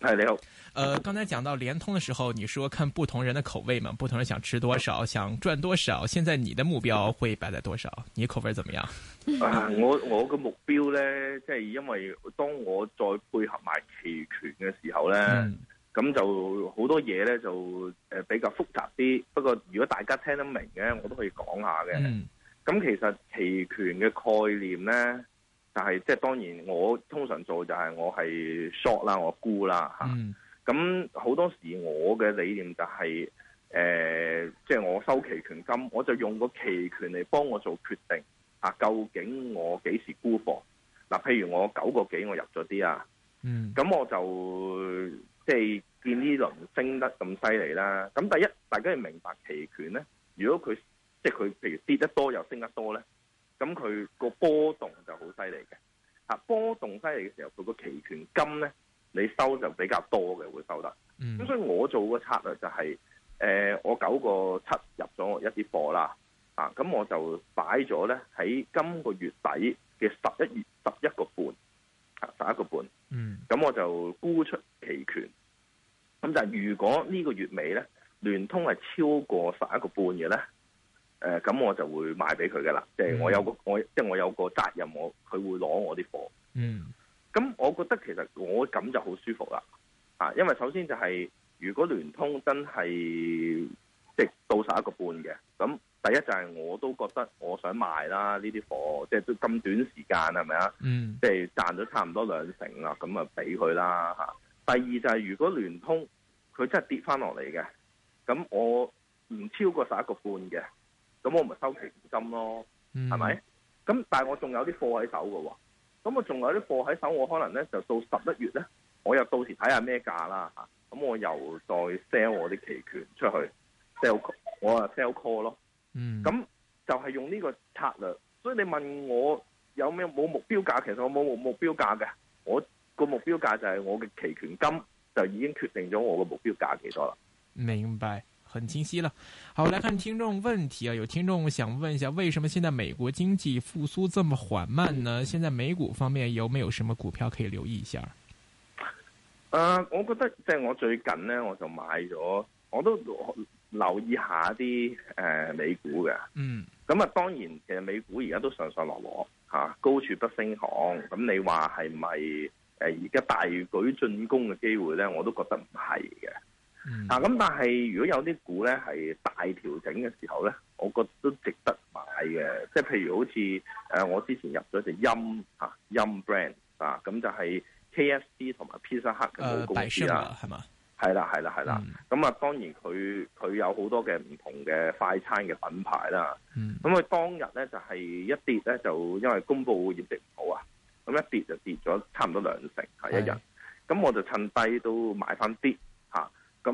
係你好、呃，誒，剛才講到聯通的時候，你說看不同人的口味嘛，不同人想吃多少，想賺多少，現在你的目標會擺在多少？你口味怎麼樣？啊， 我我個目標咧，即係因為當我再配合埋期權嘅時候咧，咁、嗯、就好多嘢咧就誒比較複雜啲。不過如果大家聽得明嘅，我都可以講下嘅。咁、嗯、其實期權嘅概念咧。就係即係當然，我通常做就係我係 short 啦，我沽啦嚇。咁、嗯、好、啊、多時我嘅理念就係、是、誒、呃，即係我收期權金，我就用個期權嚟幫我做決定嚇、啊。究竟我幾時沽貨？嗱、啊，譬如我九個幾我入咗啲啊，咁、嗯、我就即係見呢輪升得咁犀利啦。咁第一，大家要明白期權咧，如果佢即係佢譬如跌得多又升得多咧。咁佢個波動就好犀利嘅。嚇，波動犀利嘅時候，佢個期權金咧，你收就比較多嘅，會收得。咁、嗯、所以我做個策略就係、是，誒、呃、我九個七入咗一啲貨啦，嚇、啊、咁我就擺咗咧喺今個月底嘅十一月十一個半，嚇，十一個半。嗯，咁我就沽出期權。咁就係如果呢個月尾咧，聯通係超過十一個半嘅咧。誒、呃，咁我就會賣俾佢噶啦，即、就、係、是、我有個、mm. 我，即、就、係、是、我有個責任，我佢會攞我啲貨。嗯，咁我覺得其實我咁就好舒服啦，吓、啊，因為首先就係、是、如果聯通真係即、就是、到十一個半嘅，咁第一就係我都覺得我想賣啦，呢啲貨，即、就、係、是、都咁短時間係咪啊？嗯，即、mm. 係賺咗差唔多兩成啦，咁啊俾佢啦吓。第二就係如果聯通佢真係跌翻落嚟嘅，咁我唔超過十一個半嘅。咁我咪收期權金咯，係咪？嗯，咁但係我仲有啲貨喺手噶喎，咁我仲有啲貨喺手，我可能咧就到十一月咧，我又到時睇下咩價啦，咁我又再 sell 我啲期權出去，sell 我啊 sell call 咯，咁、嗯、就係用呢個策略。所以你問我有咩冇目標價？其實我冇目標價嘅，我個目標價就係我嘅期權金就已經決定咗我個目標價幾多啦。明白。很清晰啦，好來看聽眾問題啊，有聽眾想問一下，為什麼現在美國經濟復蘇這麼緩慢呢？現在美股方面有沒有什麼股票可以留意一下？誒、呃，我覺得即係、就是、我最近咧，我就買咗，我都留意一下啲一誒、呃、美股嘅，嗯，咁啊，當然其實美股而家都上上落落吓、啊，高處不勝寒，咁你話係咪誒而家大舉進攻嘅機會咧？我都覺得唔係嘅。嗯、啊！咁但係如果有啲股咧係大調整嘅時候咧，我覺得都值得買嘅。即係譬如好似誒、呃，我之前入咗隻 Yum 嚇 Yum Brand 啊，咁、啊、就係、是、KFC 同埋 Pizza Hut 嘅母公司啊，係、呃、嘛？係啦，係啦，係啦。咁、嗯、啊，當然佢佢有好多嘅唔同嘅快餐嘅品牌啦。咁、嗯、佢當日咧就係、是、一跌咧就因為公布業績唔好啊，咁一跌就跌咗差唔多兩成係一日。咁我就趁低都買翻啲。咁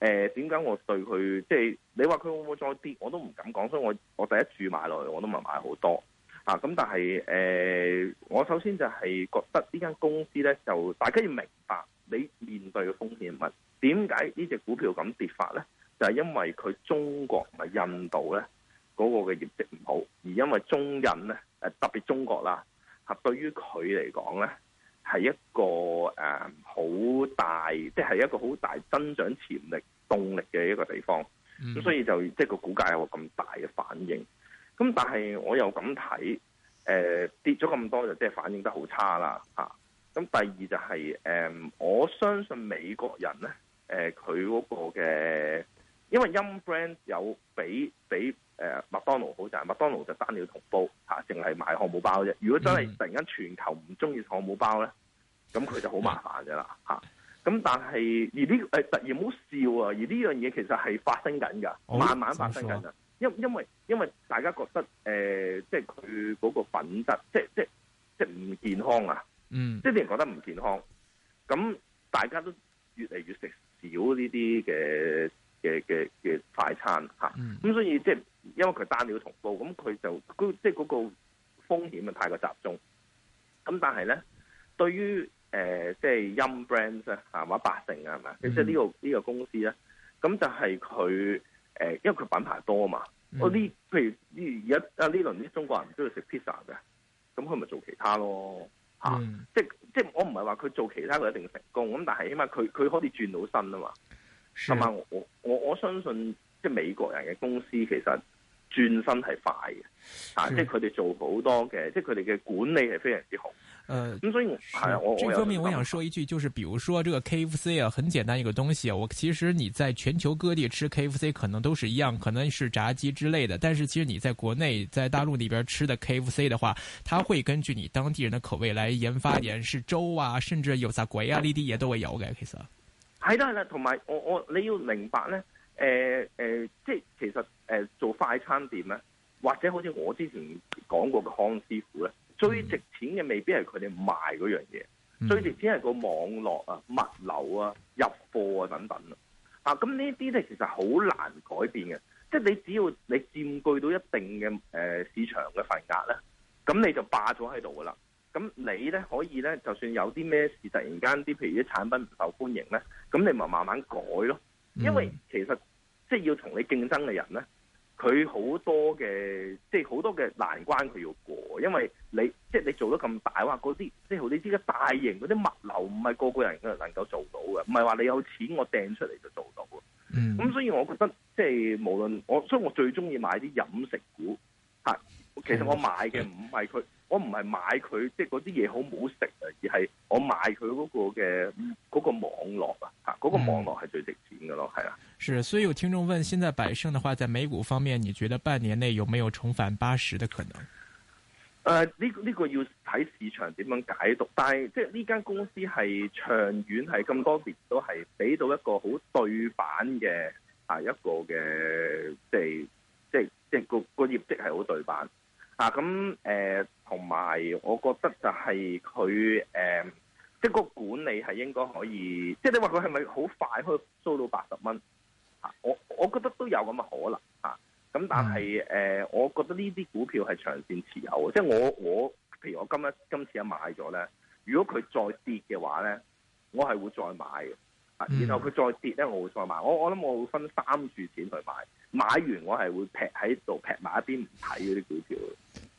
誒點解我對佢即係你話佢會唔會再跌？我都唔敢講，所以我我第一注買落嚟，我都唔係買好多咁、啊、但係誒、呃，我首先就係覺得呢間公司咧，就大家要明白你面對嘅風險係乜？點解呢隻股票咁跌法咧？就係、是、因為佢中國同埋印度咧嗰、嗰個嘅業績唔好，而因為中印咧特別中國啦、啊，對於佢嚟講咧。係一個誒好、嗯、大，即、就、係、是、一個好大增長潛力動力嘅一個地方，咁、嗯、所以就即係、就是、個股價有咁大嘅反應。咁但係我又咁睇，誒、呃、跌咗咁多就即、是、係反應得好差啦，吓、啊。咁第二就係、是、誒、嗯，我相信美國人咧，誒佢嗰個嘅，因為 Yum Brand 有俾俾。比誒、呃，麥當勞好就係麥當勞就單料同煲吓，淨係賣漢堡包啫。如果真係突然間全球唔中意漢堡包咧，咁、嗯、佢就好麻煩嘅啦吓。咁、嗯啊、但係而呢、這、誒、個哎，突然好笑啊！而呢樣嘢其實係發生緊噶、哦，慢慢發生緊啊。因因為因為大家覺得誒、呃，即係佢嗰個品質，即即即唔健康啊。嗯，即係啲人覺得唔健康。咁大家都越嚟越食少呢啲嘅嘅嘅嘅快餐吓。咁、啊嗯啊嗯、所以即係。因為佢單料同步，咁佢就即係嗰個風險啊，太過集中。咁但係咧，對於誒即係 Yum Brands 啊，嚇、呃，或者百勝啊，係咪？即係呢個呢、呢個公司咧，咁就係佢誒，因為佢品牌多啊嘛。我、嗯、呢，譬如呢而家阿呢輪啲中國人唔中意食 pizza 嘅，咁佢咪做其他咯嚇、啊嗯？即即係我唔係話佢做其他佢一定成功，咁但係起碼佢佢可以轉到身啊嘛。同埋我我我相信即係美國人嘅公司其實。轉身係快嘅，啊！即係佢哋做好多嘅，即係佢哋嘅管理係非常之好。誒、呃，咁所以係啊、哎，我呢方面我想說一句，就是，比如說這個 KFC 啊，很簡單一個東西。我其實你在全球各地吃 KFC 可能都是一樣，可能是炸雞之類的。但是其實你在國內在大陸裏邊吃的 KFC 的話，它會根據你當地人的口味來研發，點是粥啊，甚至有啥鬼啊，呢啲也都會有嘅。其實係啦係啦，同埋我我你要明白咧。誒、呃、誒、呃，即係其實誒、呃、做快餐店咧，或者好似我之前講過嘅康師傅咧，最值錢嘅未必係佢哋賣嗰樣嘢、嗯，最值錢係個網絡啊、物流啊、入貨啊等等啦、啊。啊，咁呢啲咧其實好難改變嘅，即係你只要你佔據到一定嘅誒、呃、市場嘅份額咧，咁你就霸咗喺度噶啦。咁你咧可以咧，就算有啲咩事突然間啲譬如啲產品唔受歡迎咧，咁你咪慢慢改咯。因為其實即係、就是、要同你競爭嘅人咧，佢好多嘅即係好多嘅難關佢要過，因為你即係、就是、你做得咁大話，嗰啲即係你知嘅大型嗰啲物流唔係個個人能夠做到嘅，唔係話你有錢我掟出嚟就做到的。咁、嗯、所以我覺得即係、就是、無論我，所以我最中意買啲飲食股吓。其實我買嘅唔係佢，我唔係買佢即係嗰啲嘢好唔好食啊，而係我買佢嗰個嘅嗰、嗰個網絡啊，吓、嗰、嗰個網絡係最值的。係啊，係，所以有聽眾問，現在百盛的話，在美股方面，你覺得半年內有沒有重返八十的可能？誒、呃，呢、呢個呢、呢個要睇市場點樣解讀，但係即係呢間公司係長遠係咁多年都係俾到一個好對版嘅啊一個嘅即係即係即係、這個、這個業績係好對版。啊咁誒，同埋、呃、我覺得就係佢誒。呃即係個管理係應該可以，即係你話佢係咪好快可以收到八十蚊？嚇，我我覺得都有咁嘅可能嚇。咁但係誒、嗯呃，我覺得呢啲股票係長線持有即係、就是、我我，譬如我今日今次一買咗咧，如果佢再跌嘅話咧，我係會再買嘅。啊，然後佢再跌咧，我會再買。嗯、我我諗我會分三處錢去買，買完我係會劈喺度劈埋一邊唔睇嗰啲股票。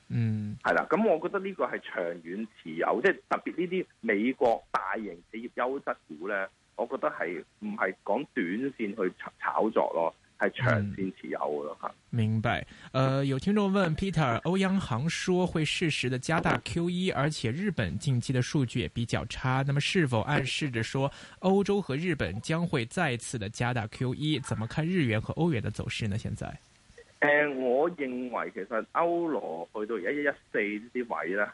嗯，係啦，咁我覺得呢個係長遠持有，即係特別呢啲美國大型企業優質股呢，我覺得係唔係講短線去炒炒作咯，係長線持有嘅咯，嗯，明白。呃，有聽眾問 Peter，歐央行說會適時的加大 QE，而且日本近期的數據也比較差，那麼是否暗示着說歐洲和日本將會再次的加大 QE？怎麼看日元和歐元的走勢呢？現在？誒、呃，我認為其實歐羅去到一一一四呢啲位咧，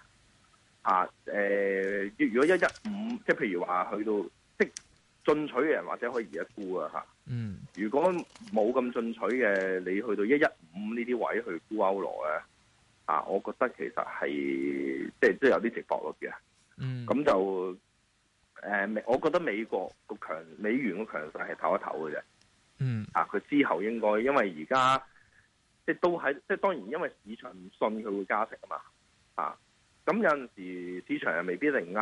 啊，誒、呃，如果一一五，即係譬如話去到即係進取嘅人，或者可以而家沽啊吓。嗯。如果冇咁進取嘅，你去到一一五呢啲位去沽歐羅咧，啊，我覺得其實係即係都有啲值博率嘅。嗯。咁就誒，我覺得美國個強美元嘅強勢係唞一唞嘅啫。嗯。啊，佢之後應該因為而家。即係都喺，即係當然，因為市場唔信佢會加息啊嘛，啊，咁有陣時市場又未必一定啱，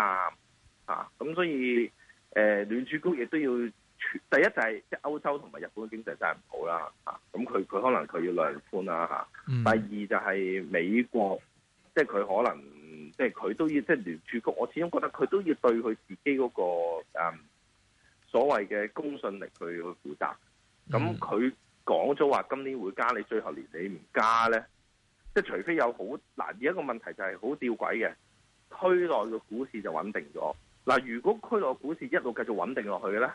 啊，咁所以誒，聯、呃、儲局亦都要，第一就係即係歐洲同埋日本嘅經濟真係唔好啦、啊，咁佢佢可能佢要量寬啦吓，啊嗯、第二就係美國，即係佢可能，即係佢都要，即係聯儲局，我始終覺得佢都要對佢自己嗰、那個誒、嗯、所謂嘅公信力去去負責，咁佢。嗯講咗話今年會加，你最後年你唔加呢？即係除非有好嗱，而一個問題就係好吊詭嘅，區內嘅股市就穩定咗。嗱，如果區內股市一路繼續穩定落去呢，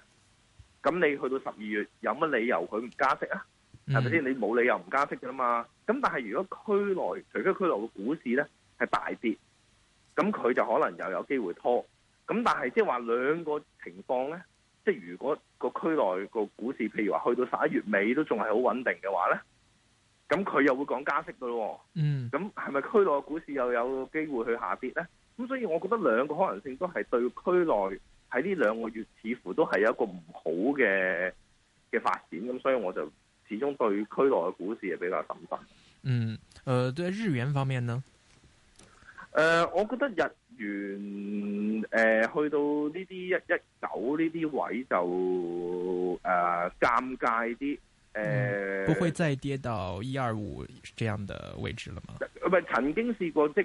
咁你去到十二月有乜理由佢唔加息啊？係咪先？你冇理由唔加息噶嘛？咁但係如果區內除非區內嘅股市呢係大跌，咁佢就可能又有機會拖。咁但係即係話兩個情況呢。即係如果個區內個股市，譬如話去到十一月尾都仲係好穩定嘅話咧，咁佢又會講加息嘅咯。嗯，咁係咪區內嘅股市又有機會去下跌咧？咁所以我覺得兩個可能性都係對區內喺呢兩個月似乎都係有一個唔好嘅嘅發展。咁所以我就始終對區內嘅股市係比較審慎。嗯，誒、呃，對日元方面呢？誒、呃，我覺得日。完，誒、呃，去到呢啲、呃、一一九呢啲位就誒尷尬啲，誒、呃嗯，不會再跌到一二五這樣的位置了嘛，係，曾經試過即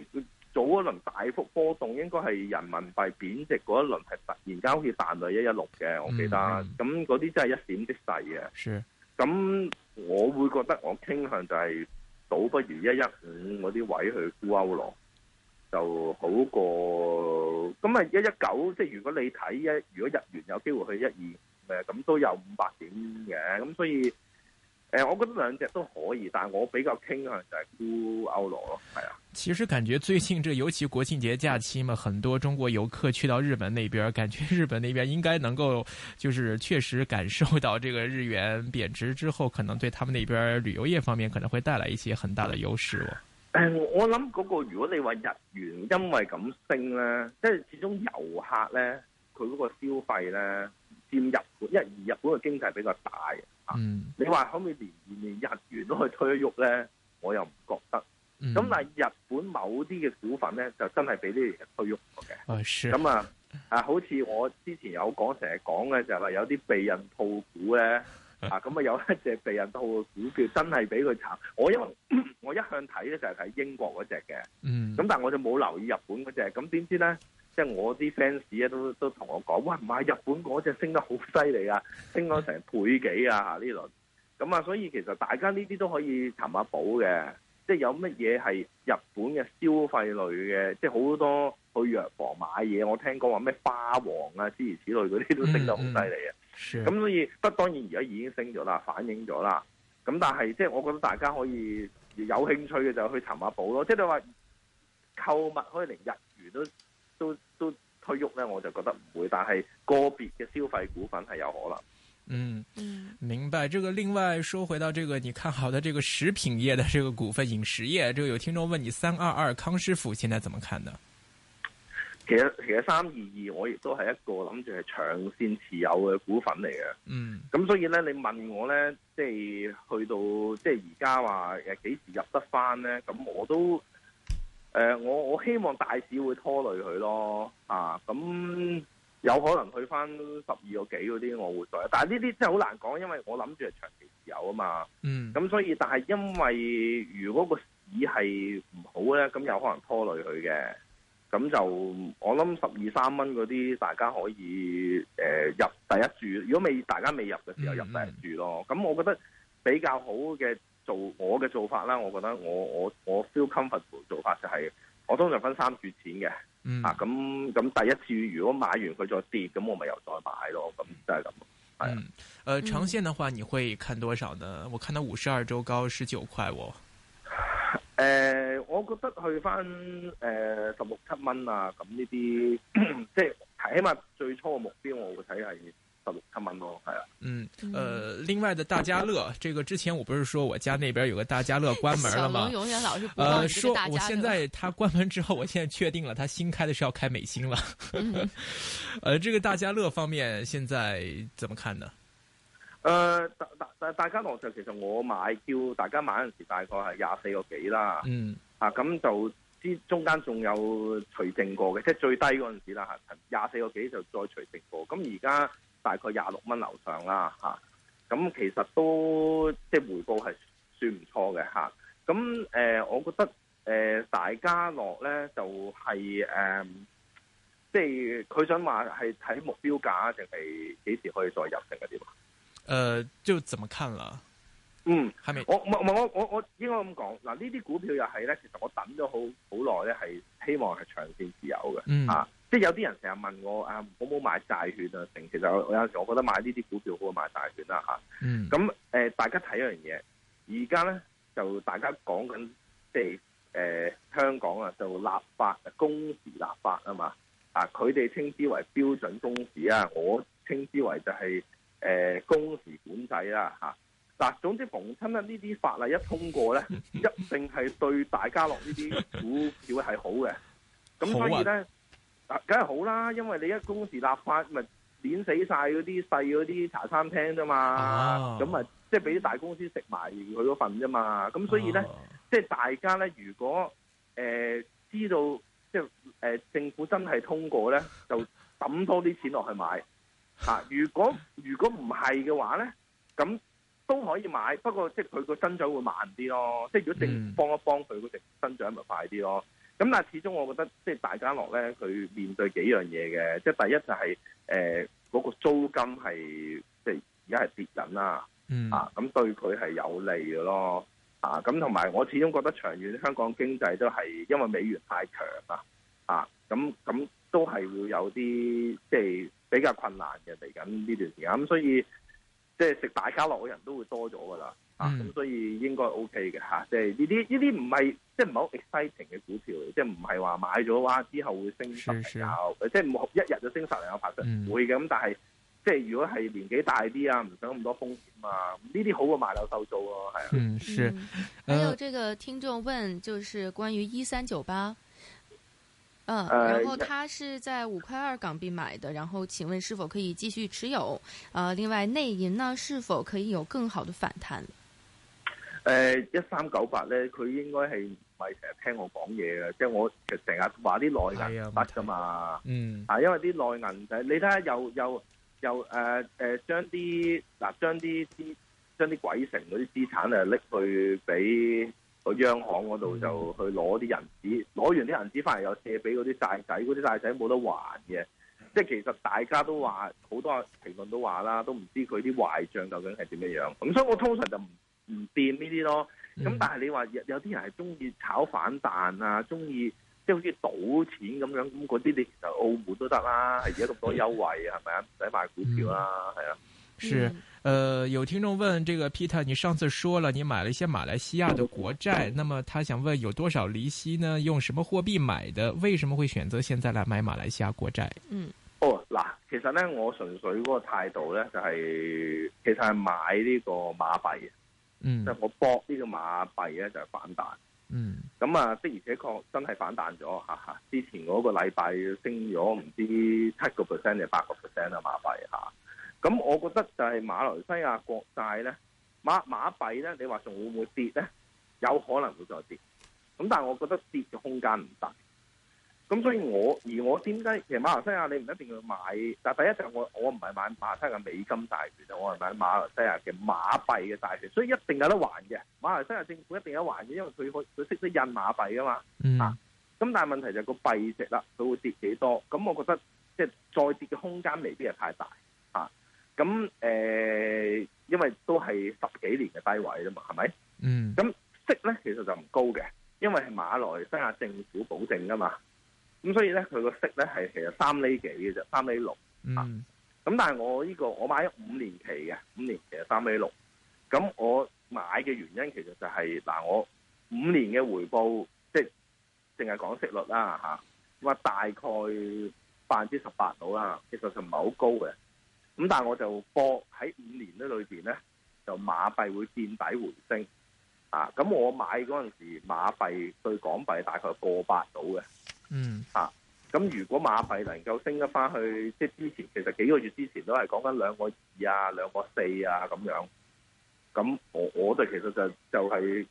早一輪大幅波動，應該係人民幣貶值嗰一輪係突然間好似彈到一一六嘅，我記得。咁嗰啲真係一閃即逝嘅。是。咁我會覺得我傾向就係倒不如一一五嗰啲位去沽歐羅。就好過咁啊！一一九，即係如果你睇一，如果日元有機會去一二，誒，咁都有五百點嘅。咁所以，誒，呃，我覺得兩隻都可以，但係我比較傾向就係沽歐羅咯。係啊，其實感覺最近這，這尤其國慶節假期嘛，很多中國遊客去到日本那邊，感覺日本那邊應該能夠，就是確實感受到這個日元貶值之後，可能對他們那邊旅遊業方面可能會帶來一些很大的優勢哦。誒、嗯，我諗嗰個如果你話日元因為咁升咧，即係始終遊客咧，佢嗰個消費咧佔日本，因為日本嘅經濟比較大、嗯、啊。你話可唔可以連而面日元都去推喐咧？我又唔覺得。咁、嗯、但係日本某啲嘅股份咧，就真係俾呢啲推喐過嘅。咁、oh, 啊、sure. 啊，好似我之前有講成日講嘅，的就係話有啲避孕套股咧。啊，咁啊有一隻避孕套股票真係俾佢查。我因為我一向睇咧就係睇英國嗰隻嘅，咁、嗯、但我就冇留意日本嗰隻。咁點知咧，即係我啲 fans 都都同我講，哇，唔係日本嗰隻升得好犀利啊，升咗成倍幾啊！呢輪。咁啊，所以其實大家呢啲都可以尋下、啊、寶嘅，即係有乜嘢係日本嘅消費類嘅，即係好多去藥房買嘢。我聽講話咩花王啊之如此，此類嗰啲都升得好犀利啊！嗯嗯咁所以不過當然而家已經升咗啦，反映咗啦。咁但係即係我覺得大家可以有興趣嘅就去尋下寶咯。即係你話購物可以連日元都都都推喐咧，我就覺得唔會。但係個別嘅消費股份係有可能。嗯，明白。這個另外說回到這個，你看好的這個食品業的這個股份，飲食業。這個有聽眾問你三二二康師傅，現在怎麼看呢？其實其實三二二我亦都係一個諗住係長線持有嘅股份嚟嘅，咁、嗯、所以咧你問我咧，即係去到即係而家話誒幾時入得翻咧？咁我都誒、呃、我我希望大市會拖累佢咯，啊咁有可能去翻十二個幾嗰啲我會再。但係呢啲真係好難講，因為我諗住係長期持有啊嘛，咁、嗯、所以但係因為如果個市係唔好咧，咁有可能拖累佢嘅。咁就我諗十二三蚊嗰啲，大家可以誒、呃、入第一注。如果未大家未入嘅時候入第一注咯。咁、嗯、我覺得比較好嘅做我嘅做法啦，我覺得我我我 feel comfortable 做法就係、是、我通常分三注錢嘅、嗯，啊咁咁第一次如果買完佢再跌，咁我咪又再買咯。咁即係咁。嗯，誒、呃、長線嘅話，你會看多少呢？我看到五十二周高十九塊喎。誒，我覺得去翻誒十六七蚊啊，咁呢啲即係睇起碼最初目標，我睇係十六七蚊咯，係啊。嗯，呃，另外的大家樂，這個之前我不是說我家那邊有個大家樂關門了嗎？呃，說我現在他關門之後，我現在確定了，他新開的是要開美心了。 呃，這個大家樂方面，現在怎麼看呢？誒、呃，大大大家樂就其實我買叫大家買嗰陣時大概係廿四個幾啦，嗯，啊咁就啲中間仲有除淨過嘅，即係最低嗰陣時啦吓，廿四個幾就再除淨過，咁而家大概廿六蚊樓上啦，吓、啊，咁其實都即係回報係算唔錯嘅吓，咁、啊、誒、呃，我覺得誒、呃、大家樂咧就係、是、誒、呃，即係佢想話係睇目標價定係幾時可以再入定啊點？誒、呃，就怎麼看了？嗯，我唔唔，我我我，我應該咁講嗱，呢啲股票又係咧，其實我等咗好好耐咧，係希望係長線持有嘅。啊，即係有啲人成日問我啊，我冇買債券啊成，其實我有時我覺得買呢啲股票好過買債券啦吓、啊。嗯，咁、啊、誒，大家睇一樣嘢，而家咧就大家講緊即係誒香港啊，就立法工時立法啊嘛啊，佢哋稱之為標準工時啊，我稱之為就係、是。誒、呃，工時管制啦，吓、啊、嗱，總之逢親咧呢啲法例一通過咧， 一定係對大家樂呢啲股票係好嘅。咁 所以咧，嗱、啊、梗、啊、係好啦，因為你一工時立法，咪碾死晒嗰啲細嗰啲茶餐廳啫嘛，咁啊，即係俾啲大公司食埋佢嗰份啫嘛，咁所以咧，即、啊、係大家咧，如果誒、呃、知道，即係誒政府真係通過咧，就抌多啲錢落去買。啊、如果如果唔係嘅話咧，咁都可以買，不過即係佢個增長會慢啲咯。即係如果定幫一幫佢嗰隻增長咪快啲咯。咁但係始終我覺得即係大家樂咧，佢面對幾樣嘢嘅，即係第一就係誒嗰個租金係即係而家係跌緊啦。啊，咁、嗯啊、對佢係有利嘅咯。啊，咁同埋我始終覺得長遠香港經濟都係因為美元太強啊。啊，咁咁都係會有啲即係。比較困難嘅，嚟緊呢段時間咁，所以即係食大家樂嘅人都會多咗噶啦，啊咁所以應該 OK 嘅吓，即係呢啲呢啲唔係即係唔好 exciting 嘅股票嚟，即係唔係話買咗哇之後會升十零有，即係唔好一日就升十零有發生，會嘅咁，但係即係如果係年紀大啲啊，唔想咁多風險啊，呢啲好過買樓收租咯，係啊。嗯是。還有呢個聽眾問，就是關於一三九八。嗯、uh,，然後他是在五塊二港幣買的，uh, 然後請問是否可以繼續持有？啊、uh,，另外內銀呢是否可以有更好的反彈？誒、uh,，一三九八咧，佢應該係唔係成日聽我講嘢嘅，即、就、係、是、我成成日話啲內銀不、哎、㗎嘛，嗯，啊，因為啲內銀就你睇下又又又誒誒、呃呃、將啲嗱、呃、將啲啲將啲鬼城嗰啲資產啊拎去俾。去央行嗰度就去攞啲銀紙，攞、嗯、完啲銀紙返嚟又借俾嗰啲債仔，嗰啲債仔冇得還嘅。即係其實大家都話好多評論都話啦，都唔知佢啲壞賬究竟係點樣樣。咁所以我通常就唔唔掂呢啲咯。咁、嗯、但係你話有啲人係中意炒反彈啊，中意即係好似賭錢咁樣。咁嗰啲你其實澳門都得啦，而家咁多優惠啊，係咪啊？唔使買股票啦，啊，係、嗯、啊。是。是呃，有聽眾問，這個 Peter，你上次說了你買了一些馬來西亞的國債，那麼他想問有多少利息呢？用什麼貨幣買的？為什麼會選擇現在來買馬來西亞國債？嗯，哦、oh，嗱，其實咧我純粹嗰個態度咧就係、是，其實係買呢個馬幣，嗯，即、就、係、是、我博呢個馬幣咧就是、反彈，嗯，咁啊的而且確真係反彈咗，吓、啊、吓，之前嗰個禮拜升咗唔知七個 percent 定八個 percent 啊馬幣吓。啊咁我覺得就係馬來西亞國債咧，馬馬幣咧，你話仲會唔會跌咧？有可能會再跌。咁但係我覺得跌嘅空間唔大。咁所以我而我點解其實馬來西亞你唔一定要買？但第一就係我我唔係買馬來西亞美金債券，我係買馬來西亞嘅馬幣嘅債券，所以一定有得還嘅。馬來西亞政府一定有得還嘅，因為佢佢識得印馬幣噶嘛。嗯。咁、啊、但係問題就係個幣值啦，佢會跌幾多？咁我覺得即係再跌嘅空間未必係太大。啊。咁誒、呃，因為都係十幾年嘅低位啊嘛，係咪？嗯。咁息咧，其實就唔高嘅，因為係馬來西亞政府保證噶嘛。咁所以咧，佢個息咧係其實三厘幾嘅啫，三厘六。嗯。咁、啊、但係我呢、這個我買咗五年期嘅，五年期係三厘六。咁我買嘅原因其實就係、是、嗱，我五年嘅回報即係淨係講息率啦吓，咁啊大概百分之十八到啦，其實就唔係好高嘅。咁但係我就播喺五年裡面，呢裏邊咧，就馬幣會見底回升啊！咁我買嗰陣時候馬幣對港幣大概過百到嘅，嗯吓。咁、啊、如果馬幣能夠升得翻去，即係之前其實幾個月之前都係講緊兩個二啊，兩個四啊咁樣。咁我我哋其實就是，就係、是、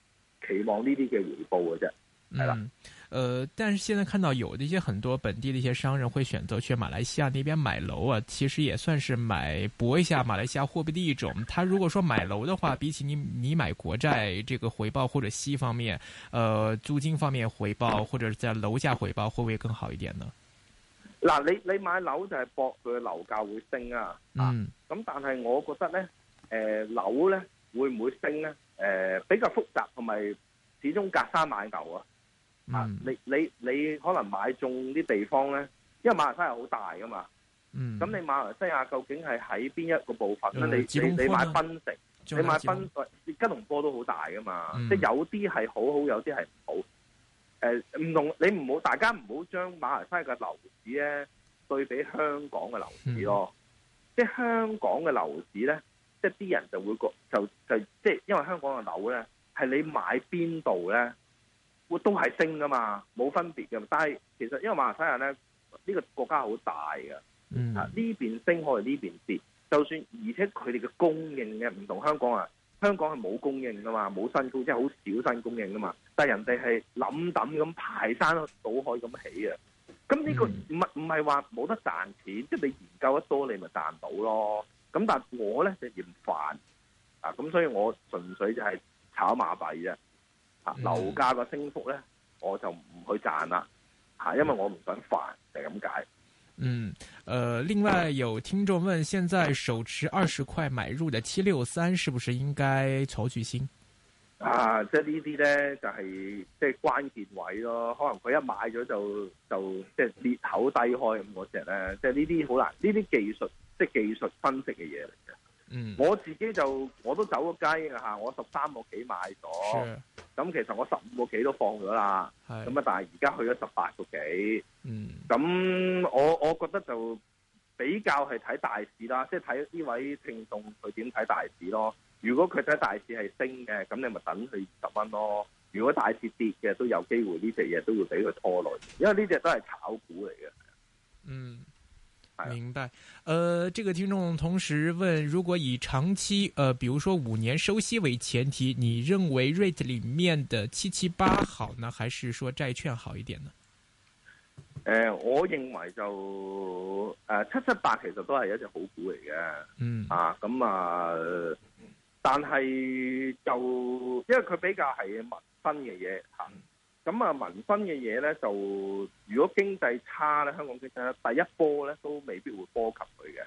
期望呢啲嘅回報嘅啫，係啦。嗯呃，但是現在看到有的一些很多本地的一些商人會選擇去馬來西亞那邊買樓啊，其實也算是買博一下馬來西亞貨幣的一種。他如果說買樓的話，比起你你買國債這個回報或者息方面，呃，租金方面回報或者在樓價回報會不會更好一點呢？嗱，你你買樓就係博佢樓價會升啊，嗯，咁、嗯、但係我覺得呢，誒、呃，樓呢會唔會升呢，誒、呃，比較複雜同埋，始終隔山買牛啊。啊、嗯！你你你可能買中啲地方咧，因為馬來西亞好大噶嘛。嗯。咁你馬來西亞究竟係喺邊一個部分咧、嗯？你你你買檳城，你買檳，吉隆坡都好大噶嘛。嗯、即係有啲係好好，有啲係唔好。誒、呃，唔同你唔好，大家唔好將馬來西亞嘅樓市咧對比香港嘅樓市咯。嗯、即係香港嘅樓市咧，即係啲人就會覺就就，就即係因為香港嘅樓咧係你買邊度咧？都係升噶嘛，冇分別噶嘛。但係其實因為馬來西亞咧，呢、呢個國家好大嘅、嗯，啊呢邊升可能呢邊跌。就算而且佢哋嘅供應嘅唔同香港啊，香港係冇供應噶嘛，冇新高，即係好少新供應噶嘛。但係人哋係冧抌咁排山倒海咁起啊！咁呢個唔係唔係話冇得賺錢，即、就、係、是、你研究得多你咪賺到咯。咁但係我咧就嫌煩啊，咁所以我純粹就係炒馬幣啫。啊，樓價個升幅咧，我就唔去賺啦，吓、嗯，因為我唔想煩，就係咁解。嗯、誒、呃，另外有聽眾問，現在手持二十塊買入嘅七六三，是不是應該儲住先？啊，即係呢啲咧，就係即係關鍵位咯，可能佢一買咗就就即係裂口低開咁嗰隻咧，即係呢啲好難，呢啲技術即係技術分析嘅嘢嚟嘅。嗯、mm -hmm.，我自己就我都走咗雞㗎吓，我十三個幾買咗，咁、yeah. 其實我十五個幾都放咗啦，咁、yeah. 啊但係而家去咗十八個幾，咁、mm -hmm. 我我覺得就比較係睇大市啦，即係睇呢位聽眾佢點睇大市咯。如果佢睇大市係升嘅，咁你咪等佢二十蚊咯。如果大市跌嘅，都有機會呢隻嘢都會俾佢拖累，因為呢隻都係炒股嚟嘅。嗯、mm -hmm.。明白，呃，這個聽眾同時問，如果以長期，呃，比如說五年收息為前提，你認為 rate 裏面的七七八好呢？還是說債券好一點呢？誒、呃，我認為就誒、呃、七七八其實都係一隻好股嚟嘅，嗯，啊，咁、嗯、啊，但係就因為佢比較係民生嘅嘢，咁啊，民生嘅嘢咧，就如果經濟差咧，香港經濟咧，第一波咧都未必會波及佢嘅。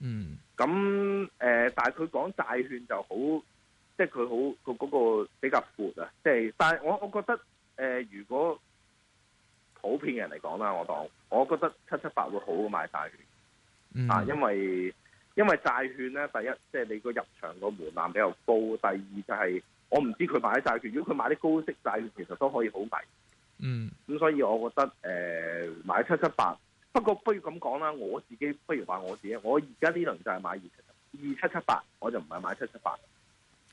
嗯。咁誒、呃，但係佢講債券就好，即係佢好佢嗰個比較闊啊。即係，但係我我覺得誒、呃，如果普遍人嚟講啦，我講，我覺得七七八會好，好買債券、嗯。啊，因為因為債券咧，第一即係你個入場個門檻比較高，第二就係、是。我唔知佢買啲債券，如果佢買啲高息債券，其實都可以好賣。嗯，咁所以我覺得誒、呃、買七七八，不過不如咁講啦。我自己不如話我自己，我而家呢輪就係買二七七二七七八，我就唔係買七七八，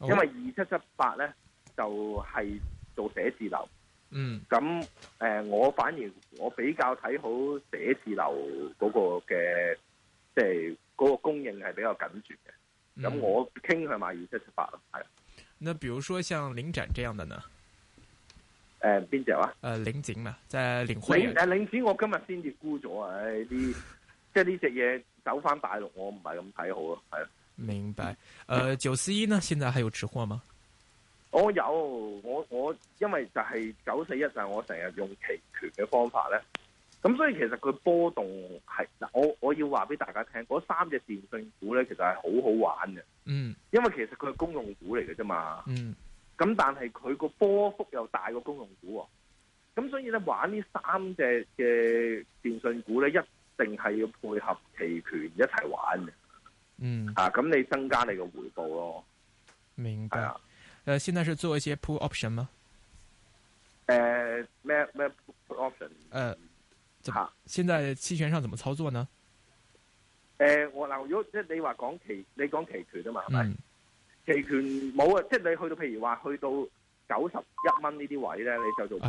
因為二七七八咧就係、是、做寫字樓。嗯，咁誒、呃，我反而我比較睇好寫字樓嗰個嘅，即係嗰個供應係比較緊絀嘅。咁、嗯、我傾向買二七七八咯，係。那比如說像領展這樣的呢？誒、呃，邊隻啊？誒、呃，領展啊，在領匯裏面領領展我今日先至沽咗，誒、哎，呢即係呢隻嘢走翻大陸，我唔係咁睇好，係啊。明白。誒、呃，九四一呢？現在還有持貨嗎？我、哦、有，我我因為就係九四一就係我成日用期權嘅方法咧。咁所以其實佢波動係嗱，我我要話俾大家聽，嗰三隻電信股咧，其實係好好玩嘅。嗯，因為其實佢係公用股嚟嘅啫嘛。嗯，咁但係佢個波幅又大過公用股喎。咁所以咧，玩呢三隻嘅電信股咧，一定係要配合期權一齊玩嘅。嗯，啊，咁你增加你嘅回報咯。明白。誒、啊，現在是做一些 put option 嗎？誒咩咩 put option？誒、呃。吓！現在期權上怎麼操作呢？誒，我嗱，如果即係你話講期，你講期權啊嘛，係咪？嗯，期權冇啊，即係你去到譬如話去到九十一蚊呢啲位咧，你就做。啊。